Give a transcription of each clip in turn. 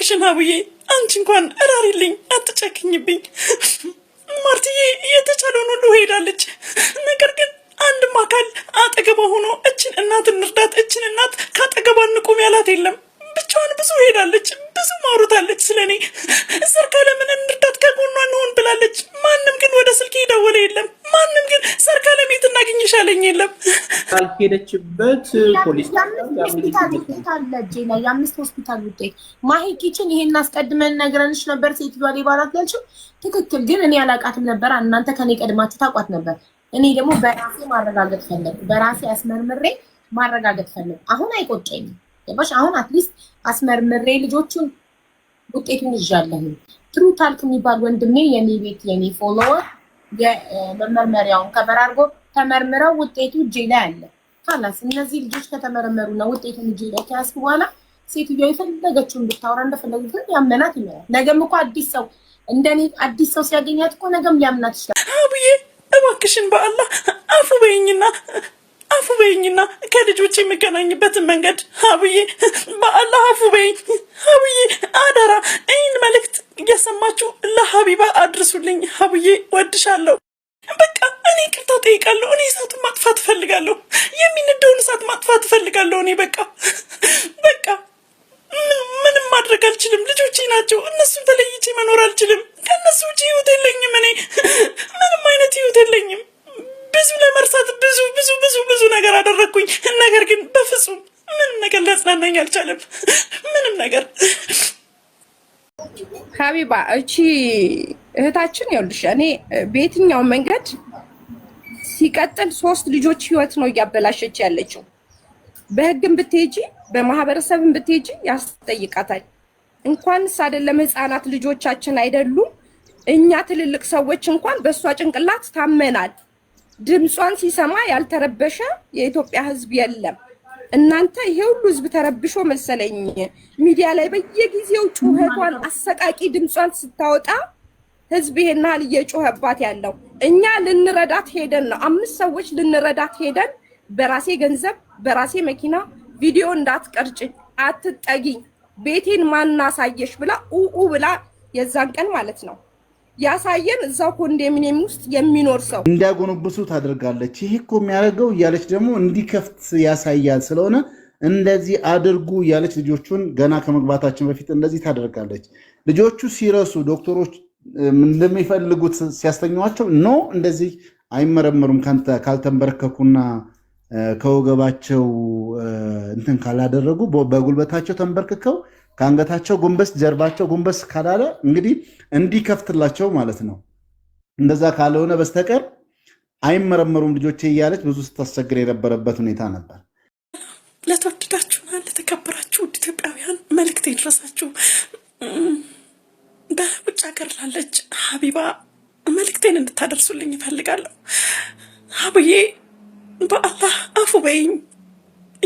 እባክሽን አቡዬ አንቺ እንኳን እራሪልኝ፣ አትጨክኝብኝ። ማርትዬ የተቻለውን ሁሉ ሄዳለች። ነገር ግን አንድም አካል አጠገቧ ሆኖ እችን እናት እንርዳት፣ እችን እናት ካጠገቧ እንቁም ያላት የለም። ብቻዋን ብዙ ሄዳለች፣ ብዙ ማውረታለች። ስለኔ ለምን እንርዳት፣ ከጎኗ እንሆን ብላለች። ማንም ግን ወደ ስልክ የደወለ የለም። ማንም ግን ሰርካለም የት አለኝ የለም። ካልሄደችበት ፖሊስ የአምስት ሆስፒታል ውጤት ማሄድ ኪችን ይሄን አስቀድመን ነግረንሽ ነበር። ሴትዮዋ ሌባ ናት ያልሽው ትክክል፣ ግን እኔ አላውቃትም ነበር። እናንተ ከኔ ቀድማችሁ ታውቋት ነበር። እኔ ደግሞ በራሴ ማረጋገጥ ፈለግ፣ በራሴ አስመርምሬ ማረጋገጥ ፈለግ። አሁን አይቆጨኝም። ገባሽ? አሁን አትሊስት አስመርምሬ ልጆቹን ውጤቱን ይዣለሁ። ትሩ ታልክ የሚባል ወንድሜ የኔ ቤት የኔ ፎሎወር የመመርመሪያውን ከበር አድርጎ ተመርምረው ውጤቱ እጄ ላይ አለ። ካላስ እነዚህ ልጆች ከተመረመሩ ነው ውጤቱን እጄ ላይ ከያዝኩ በኋላ ሴትዮ የፈለገችውን ብታወራ እንደፈለጉት ያመናት ይመራል። ነገም እኮ አዲስ ሰው እንደኔ አዲስ ሰው ሲያገኛት እኮ ነገም ሊያምናት ይችላል። አብዬ እባክሽን በአላህ አፉ በይኝና አፉ በይኝና ከልጆች የሚገናኝበትን መንገድ አብዬ፣ በአላህ አፉ በይኝ አብዬ፣ አደራ ይህን መልእክት እያሰማችሁ ለሀቢባ አድርሱልኝ። አብዬ ወድሻለሁ። በቃ እኔ ቅርታ ጠይቃለሁ። እኔ እሳቱን ማጥፋት እፈልጋለሁ። የሚነደውን እሳት ማጥፋት እፈልጋለሁ። እኔ በቃ በቃ ምንም ማድረግ አልችልም። ልጆቼ ናቸው። እነሱ ተለይቼ መኖር አልችልም። ከእነሱ ውጭ ህይወት የለኝም። እኔ ምንም አይነት ህይወት የለኝም። ብዙ ለመርሳት ብዙ ብዙ ብዙ ብዙ ነገር አደረግኩኝ። ነገር ግን በፍጹም ምንም ነገር ሊያጽናናኝ አልቻለም። ምንም ነገር ሀቢባ እቺ እህታችን ይኸውልሽ፣ እኔ በየትኛው መንገድ ሲቀጥል ሶስት ልጆች ህይወት ነው እያበላሸች ያለችው። በህግም ብትሄጂ በማህበረሰብም ብትሄጂ ያስጠይቃታል። እንኳንስ አይደለም ህፃናት ልጆቻችን አይደሉም እኛ ትልልቅ ሰዎች እንኳን በእሷ ጭንቅላት ታመናል። ድምጿን ሲሰማ ያልተረበሸ የኢትዮጵያ ህዝብ የለም። እናንተ ይሄ ሁሉ ህዝብ ተረብሾ መሰለኝ ሚዲያ ላይ በየጊዜው ጩኸቷን አሰቃቂ ድምጿን ስታወጣ ህዝብ ይሄን ያህል እየጮኸባት ያለው። እኛ ልንረዳት ሄደን ነው፣ አምስት ሰዎች ልንረዳት ሄደን በራሴ ገንዘብ በራሴ መኪና ቪዲዮ እንዳትቀርጭ አትጠጊኝ፣ ቤቴን ማናሳየሽ ብላ ኡኡ ብላ የዛን ቀን ማለት ነው ያሳየን እዛው ኮንዶሚኒየም ውስጥ የሚኖር ሰው እንዲያጎነብሱ ታደርጋለች። ይህ እኮ የሚያደርገው እያለች ደግሞ እንዲከፍት ያሳያል ስለሆነ እንደዚህ አድርጉ እያለች ልጆቹን ገና ከመግባታችን በፊት እንደዚህ ታደርጋለች። ልጆቹ ሲረሱ ዶክተሮች እንደሚፈልጉት ሲያስተኛቸው ኖ እንደዚህ አይመረመሩም ካልተንበረከኩና ከወገባቸው እንትን ካላደረጉ በጉልበታቸው ተንበርክከው ከአንገታቸው ጎንበስ ጀርባቸው ጎንበስ ካላለ እንግዲህ እንዲከፍትላቸው ማለት ነው። እንደዛ ካልሆነ በስተቀር አይመረመሩም ልጆቼ እያለች ብዙ ስታስቸግር የነበረበት ሁኔታ ነበር። ለተወደዳችሁና ለተከበራችሁ ውድ ኢትዮጵያውያን መልእክት የደረሳችሁ በውጭ ሀገር ላለች ሀቢባ መልእክቴን እንድታደርሱልኝ ይፈልጋለሁ አቡዬ በአላህ አፉ በይኝ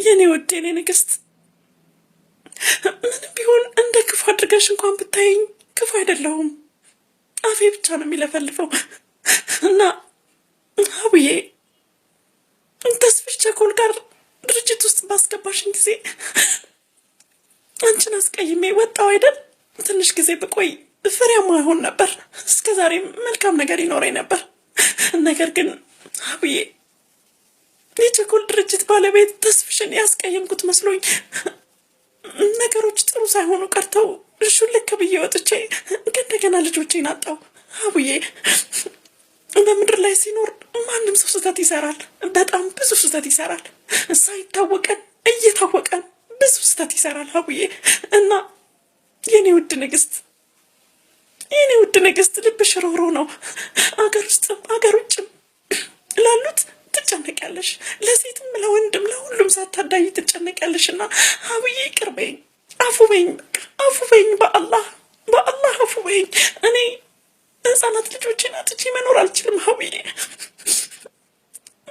የኔ ውድ የኔ ንግስት ምንም ቢሆን እንደ ክፉ አድርገሽ እንኳን ብታይኝ ክፉ አይደለሁም። አፌ ብቻ ነው የሚለፈልፈው እና አቡዬ ተስፍሽ ቸኮል ጋር ድርጅት ውስጥ ባስገባሽን ጊዜ አንቺን አስቀይሜ ወጣው አይደል? ትንሽ ጊዜ ብቆይ ፍሬያማ ይሆን ነበር። እስከ ዛሬም መልካም ነገር ይኖረኝ ነበር። ነገር ግን አቡዬ የቸኮል ድርጅት ባለቤት ተስፍሽን ያስቀየምኩት መስሎኝ ነገሮች ጥሩ ሳይሆኑ ቀርተው እሹን ልክ ብዬ ወጥቼ እንደገና ልጆቼን አጣው። አቡዬ በምድር ላይ ሲኖር ማንም ሰው ስህተት ይሰራል። በጣም ብዙ ስህተት ይሰራል። ሳይታወቀን እየታወቀን ብዙ ስህተት ይሰራል አቡዬ እና የኔ ውድ ንግስት የኔ ውድ ንግስት ልብሽ ሮሮ ነው። አገር ውስጥም አገር ውጭም ላሉት ትጨነቂያለሽ። ለሴትም ለወንድም ለሁሉም ሳታዳይ ትጨነቂያለሽ። እና ሀብዬ ይቅር በይኝ፣ አፉ በይኝ፣ አፉ በይኝ። በአላህ በአላህ አፉ በይኝ። እኔ ህፃናት ልጆችን አጥቼ መኖር አልችልም። አብዬ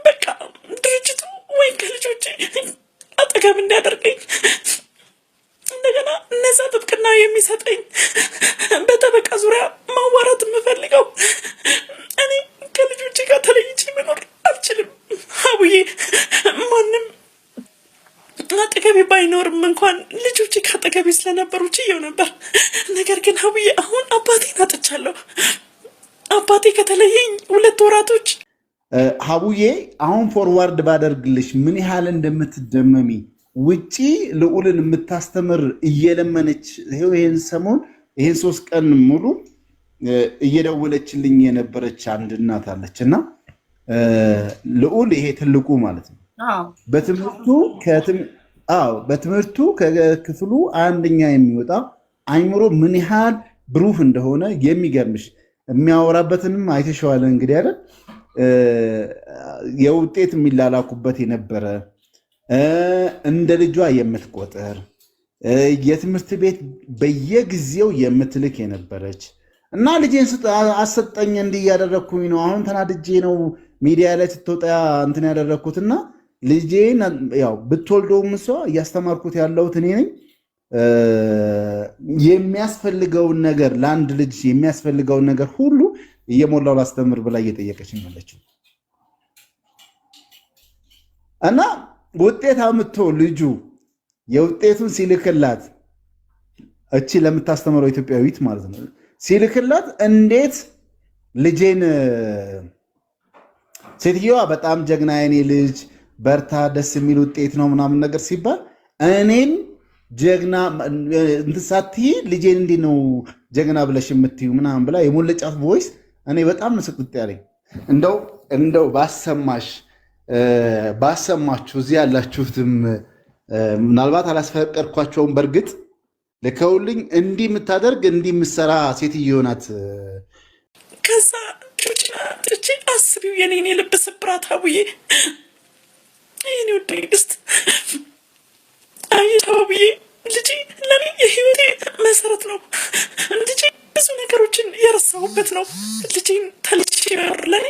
በቃ ድርጅቱ ወይ ከልጆቼ አጠገብ እንዲያደርገኝ እንደገና እነዛ ጥብቅና የሚሰጠኝ አጠገቤ ስለነበሩ ችየው ነበር። ነገር ግን ሀብዬ አሁን አባቴን አጥቻለሁ። አባቴ ከተለየኝ ሁለት ወራቶች። ሀቡዬ አሁን ፎርዋርድ ባደርግልሽ ምን ያህል እንደምትደመሚ ውጪ ልዑልን የምታስተምር እየለመነች ይህን ሰሞን ይህን ሶስት ቀን ሙሉ እየደወለችልኝ የነበረች አንድ እናት አለች እና ልዑል ይሄ ትልቁ ማለት ነው በትምህርቱ አዎ በትምህርቱ ከክፍሉ አንደኛ የሚወጣ አይምሮ ምን ያህል ብሩህ እንደሆነ የሚገርምሽ የሚያወራበትንም አይተሸዋለ እንግዲህ አይደል የውጤት የሚላላኩበት የነበረ እንደ ልጇ የምትቆጥር የትምህርት ቤት በየጊዜው የምትልክ የነበረች እና ልጄን አሰጠኝ እንዲህ እያደረግኩኝ ነው አሁን ተናድጄ ነው ሚዲያ ላይ ስትወጣ እንትን ያደረግኩትና ልጄን ያው ብትወልደውም እሷ እያስተማርኩት ያለሁት እኔ ነኝ። የሚያስፈልገውን ነገር ለአንድ ልጅ የሚያስፈልገውን ነገር ሁሉ እየሞላው ላስተምር ብላ እየጠየቀች ያለችው እና ውጤት አምጥቶ ልጁ የውጤቱን ሲልክላት እቺ ለምታስተምረው ኢትዮጵያዊት ማለት ነው ሲልክላት እንዴት ልጄን ሴትዮዋ በጣም ጀግና የኔ ልጅ በርታ፣ ደስ የሚል ውጤት ነው ምናምን ነገር ሲባል እኔም ጀግና እንትሳት ልጄን እንዲ ነው ጀግና ብለሽ የምትዩ ምናምን ብላ የሞለጫት ቮይስ እኔ በጣም ነው ስቅጥ ያለኝ። እንደው እንደው ባሰማሽ ባሰማችሁ እዚህ ያላችሁትም ምናልባት አላስፈቀድኳቸውም። በእርግጥ ልከውልኝ እንዲህ የምታደርግ እንዲህ የምትሰራ ሴትዮ ናት። ከዛ ጭና ጥቼ አስቢው የኔን የልብ ስብራት አቡዬ ይህን ወደ ቅድስት አየሻው ብዬ ልጄ ለኔ የህይወቴ መሰረት ነው። ልጄ ብዙ ነገሮችን የረሳሁበት ነው። ልጄን ተልቼ በር ለኔ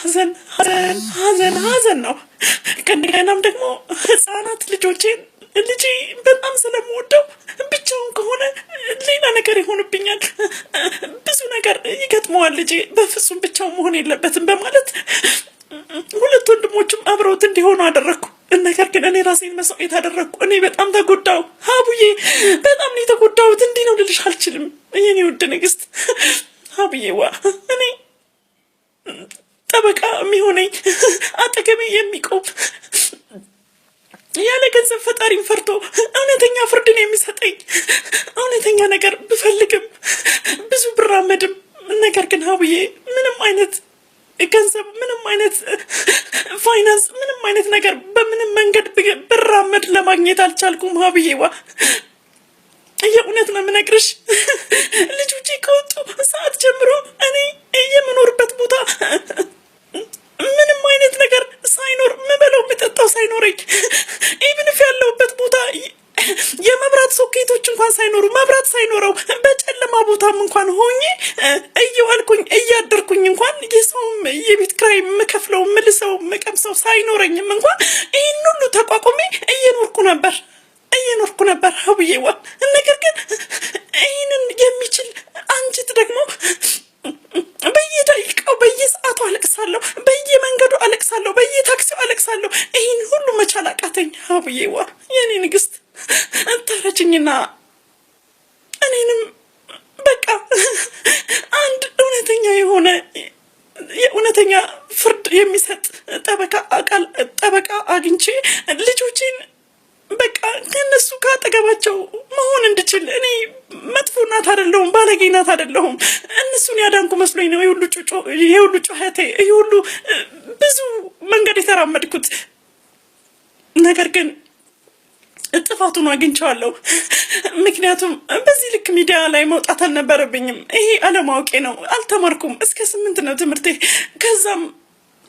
ሐዘን ሐዘን ሐዘን ሐዘን ነው። ከእንደገናም ደግሞ ህፃናት ልጆቼን ልጄ በጣም ስለምወደው ብቻውን ከሆነ ሌላ ነገር ይሆንብኛል፣ ብዙ ነገር ይገጥመዋል ልጅ በፍጹም ብቻውን መሆን የለበትም በማለት ሁለት ወንድሞችም አብረውት እንዲሆኑ አደረግኩ። ነገር ግን እኔ ራሴን መስዋዕት አደረግኩ። እኔ በጣም ተጎዳው ሀቡዬ፣ በጣም ነው የተጎዳሁት። እንዲህ ነው ልልሽ አልችልም። የኔ ውድ ንግስት ሀቡዬ ዋ እኔ ጠበቃ የሚሆነኝ አጠገቤ የሚቆም ያለ ገንዘብ ፈጣሪን ፈርቶ እውነተኛ ፍርድን የሚሰጠኝ እውነተኛ ነገር ብፈልግም ብዙ ብራመድም ነገር ግን ሀቡዬ ምንም አይነት ገንዘብ ምንም አይነት ፋይናንስ ምንም አይነት ነገር በምንም መንገድ ብራመድ ለማግኘት አልቻልኩም። ሀብዬዋ የእውነት ነው የምነግርሽ። ልጆቼ ከወጡ ሰዓት ጀምሮ እኔ የምኖርበት ቦታ ምንም አይነት ነገር ሳይኖር ምበለው ምጠጣው ሳይኖረኝ ኢብንፍ ያለውበት ቦታ የመብራት ሶኬቶች እንኳን ሳይኖሩ መብራት ሳይኖረው በጨለማ ቦታም እንኳን ሆ ሰው ሳይኖረኝም እንኳን እናት አደለሁም ባለጌ እናት አይደለሁም። እነሱን ያዳንኩ መስሎኝ ነው የሁሉ ጩኸቴ፣ የሁሉ ብዙ መንገድ የተራመድኩት። ነገር ግን ጥፋቱን አግኝቸዋለሁ ምክንያቱም በዚህ ልክ ሚዲያ ላይ መውጣት አልነበረብኝም። ይሄ አለማወቄ ነው። አልተማርኩም። እስከ ስምንት ነው ትምህርቴ። ከዛም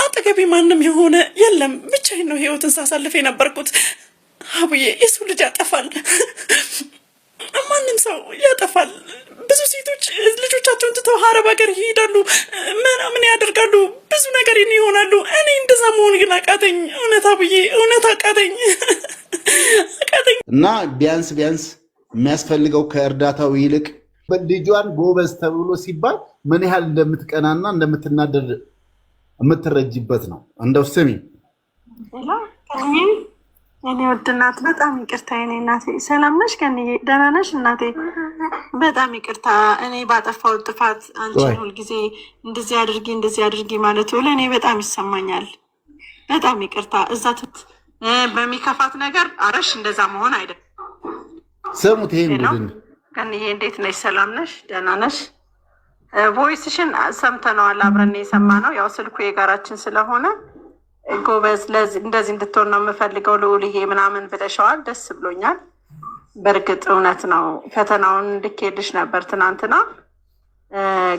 አጠገቢ ማንም የሆነ የለም። ብቻዬን ነው ህይወትን ሳሳልፍ የነበርኩት። አቡዬ የሰው ልጅ ያጠፋል። ሰው ያጠፋል። ብዙ ሴቶች ልጆቻቸውን ትተው ሀረብ ሀገር ይሄዳሉ፣ ምናምን ያደርጋሉ፣ ብዙ ነገር ይሆናሉ። እኔ እንደዛ መሆን ግን አቃተኝ። እውነት አብዬ፣ እውነት አቃተኝ አቃተኝ። እና ቢያንስ ቢያንስ የሚያስፈልገው ከእርዳታው ይልቅ ልጇን ጎበዝ ተብሎ ሲባል ምን ያህል እንደምትቀናና እንደምትናደድ የምትረጅበት ነው። እንደው ስሚ እኔ ውድ እናት በጣም ይቅርታ። እኔ እናቴ ሰላም ነሽ? ከንዬ ደህና ነሽ እናቴ? በጣም ይቅርታ። እኔ ባጠፋው ጥፋት አንቺን ሁልጊዜ እንደዚህ አድርጊ እንደዚህ አድርጊ ማለት ለእኔ በጣም ይሰማኛል። በጣም ይቅርታ። እዛ ትት በሚከፋት ነገር አረሽ እንደዛ መሆን አይደ ሰሙት ይሄ ምንድን ከንዬ፣ እንዴት ነሽ? ሰላም ነሽ? ደህና ነሽ? ቮይስሽን ሰምተነዋል፣ አብረን የሰማ ነው። ያው ስልኩ የጋራችን ስለሆነ ጎበዝ እንደዚህ እንድትሆን ነው የምፈልገው ልዑልዬ ምናምን ብለሸዋል። ደስ ብሎኛል። በእርግጥ እውነት ነው። ፈተናውን እንድኬልሽ ነበር ትናንትና።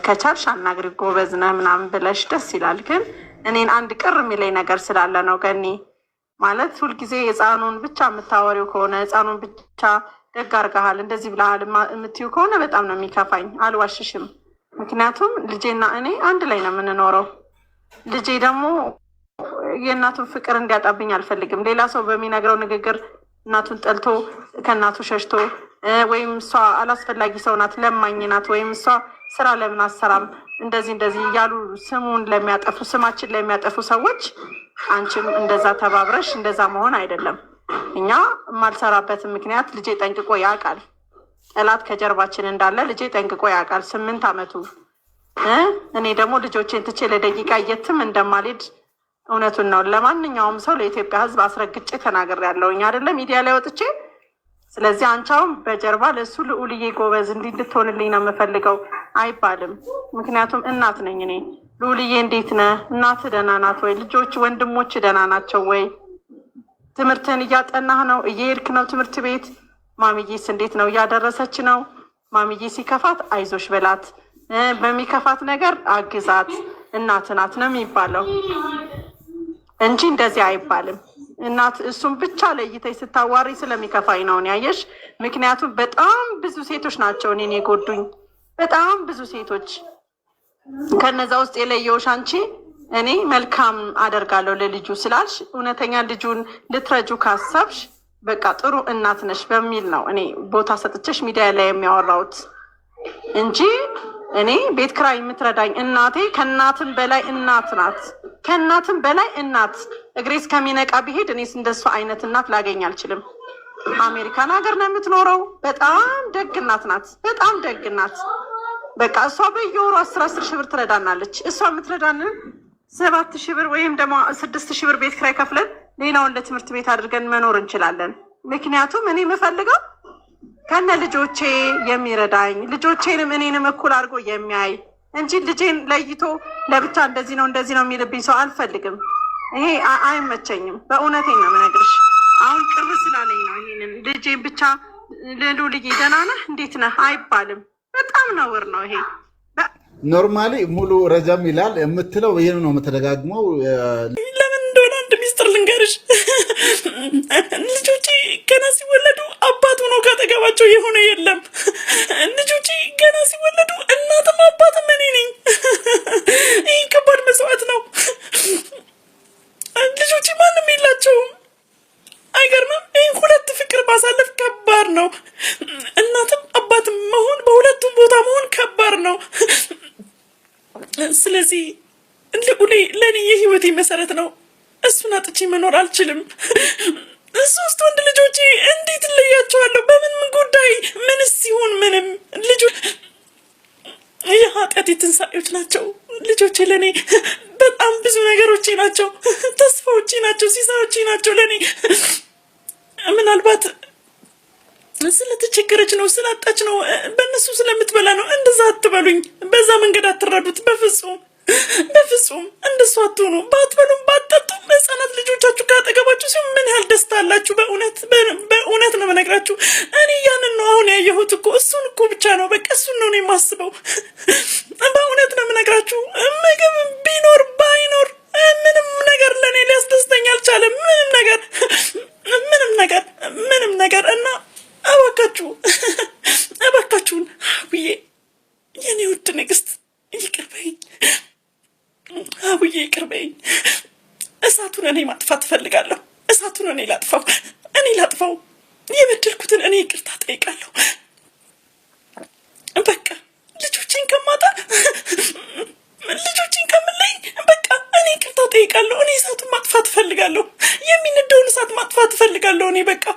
ከቻልሽ አናግሪ ጎበዝ ነህ ምናምን ብለሽ ደስ ይላል። ግን እኔን አንድ ቅር የሚለኝ ነገር ስላለ ነው ገኒ ማለት ሁልጊዜ ህፃኑን ብቻ የምታወሪው ከሆነ ህፃኑን ብቻ ደግ አርገሃል እንደዚህ ብለሃል የምትዩ ከሆነ በጣም ነው የሚከፋኝ። አልዋሽሽም። ምክንያቱም ልጄና እኔ አንድ ላይ ነው የምንኖረው። ልጄ ደግሞ የእናቱን ፍቅር እንዲያጣብኝ አልፈልግም። ሌላ ሰው በሚነግረው ንግግር እናቱን ጠልቶ ከእናቱ ሸሽቶ ወይም እሷ አላስፈላጊ ሰው ናት፣ ለማኝ ናት፣ ወይም እሷ ስራ ለምን አሰራም እንደዚህ እንደዚህ እያሉ ስሙን ለሚያጠፉ ስማችን ለሚያጠፉ ሰዎች አንቺም እንደዛ ተባብረሽ እንደዛ መሆን አይደለም። እኛ የማልሰራበትን ምክንያት ልጄ ጠንቅቆ ያውቃል። ጠላት ከጀርባችን እንዳለ ልጄ ጠንቅቆ ያውቃል። ስምንት አመቱ እኔ ደግሞ ልጆቼን ትቼ ለደቂቃ የትም እንደማልሄድ እውነቱን ነው። ለማንኛውም ሰው ለኢትዮጵያ ሕዝብ አስረግጬ ተናገር ያለውኝ አደለ ሚዲያ ላይ ወጥቼ። ስለዚህ አንቻውም በጀርባ ለእሱ ልዑልዬ ጎበዝ እንዲህ እንድትሆንልኝ ነው የምፈልገው አይባልም። ምክንያቱም እናት ነኝ እኔ። ልዑልዬ እንዴት ነ እናት ደህና ናት ወይ? ልጆች ወንድሞች ደህና ናቸው ወይ? ትምህርትን እያጠናህ ነው? እየሄድክ ነው ትምህርት ቤት? ማሚዬስ እንዴት ነው? እያደረሰች ነው? ማሚዬ ሲከፋት አይዞሽ በላት፣ በሚከፋት ነገር አግዛት፣ እናት ናት ነው የሚባለው። እንጂ እንደዚህ አይባልም። እናት እሱም ብቻ ለይተሽ ስታዋሪ ስለሚከፋኝ ነው ያየሽ። ምክንያቱም በጣም ብዙ ሴቶች ናቸው እኔን የጎዱኝ፣ በጣም ብዙ ሴቶች። ከነዛ ውስጥ የለየውሽ አንቺ እኔ መልካም አደርጋለሁ ለልጁ ስላልሽ እውነተኛ ልጁን ልትረጁ ካሰብሽ በቃ ጥሩ እናት ነሽ በሚል ነው እኔ ቦታ ሰጥቼሽ ሚዲያ ላይ የሚያወራውት እንጂ እኔ ቤት ክራይ የምትረዳኝ እናቴ ከእናትም በላይ እናት ናት። ከእናትም በላይ እናት እግሬ እስከሚነቃ ብሄድ እኔስ እንደሷ አይነት እናት ላገኝ አልችልም። አሜሪካን ሀገር ነው የምትኖረው። በጣም ደግ እናት ናት። በጣም ደግ እናት በቃ እሷ በየወሩ አስር አስር ሺህ ብር ትረዳናለች። እሷ የምትረዳንን ሰባት ሺህ ብር ወይም ደግሞ ስድስት ሺህ ብር ቤት ኪራይ ከፍለን ሌላውን ለትምህርት ቤት አድርገን መኖር እንችላለን። ምክንያቱም እኔ የምፈልገው ከነ ልጆቼ የሚረዳኝ ልጆቼንም እኔንም እኩል አድርጎ የሚያይ እንጂ ልጄን ለይቶ ለብቻ እንደዚህ ነው እንደዚህ ነው የሚልብኝ ሰው አልፈልግም። ይሄ አይመቸኝም። በእውነቴ ነው የምነግርሽ። አሁን ቅርብ ስላለኝ ነው ይሄንን ልጄን ብቻ ልሉ ልዬ ደህና ነህ እንዴት ነህ አይባልም። በጣም ነውር ነው ይሄ። ኖርማሊ ሙሉ ረጃም ይላል የምትለው ይህን ነው የምተደጋግመው። ለምን እንደሆነ አንድ ሚስጥር ልንገርሽ። ልጆቼ ገና ሲወለዱ አባት ሆኖ ካጠገባቸው የሆነ የለም። ልጆቼ ገና ሲወለዱ እናትም አባትም አልችልም። ሶስት ወንድ ልጆቼ እንዴት እለያቸዋለሁ? በምን ጉዳይ? ምንስ ሲሆን ምንም ልጆ የኃጢአት የትንሳኤዎች ናቸው። ልጆቼ ለእኔ በጣም ብዙ ነገሮች ናቸው፣ ተስፋዎች ናቸው፣ ሲሳዎች ናቸው። ለእኔ ምናልባት ስለተቸገረች ነው ስላጣች ነው በእነሱ ስለምትበላ ነው። እንደዛ አትበሉኝ፣ በዛ መንገድ አትረዱት በፍጹም። በፍጹም እንደሱ አትሆኑ። ባትበሉም ባትጠጡም ህጻናት ልጆቻችሁ ካጠገባችሁ ሲሆን ምን ያህል ደስታ አላችሁ። በእውነት በእውነት ነው የምነግራችሁ። እኔ ያንን ነው አሁን ያየሁት እኮ እሱን እኮ ብቻ ነው በቃ እሱን ነው እኔ የማስበው። በእውነት ነው የምነግራችሁ ምግብ እፈልጋለሁ። የሚነደውን እሳት ማጥፋት እፈልጋለሁ እኔ በቃ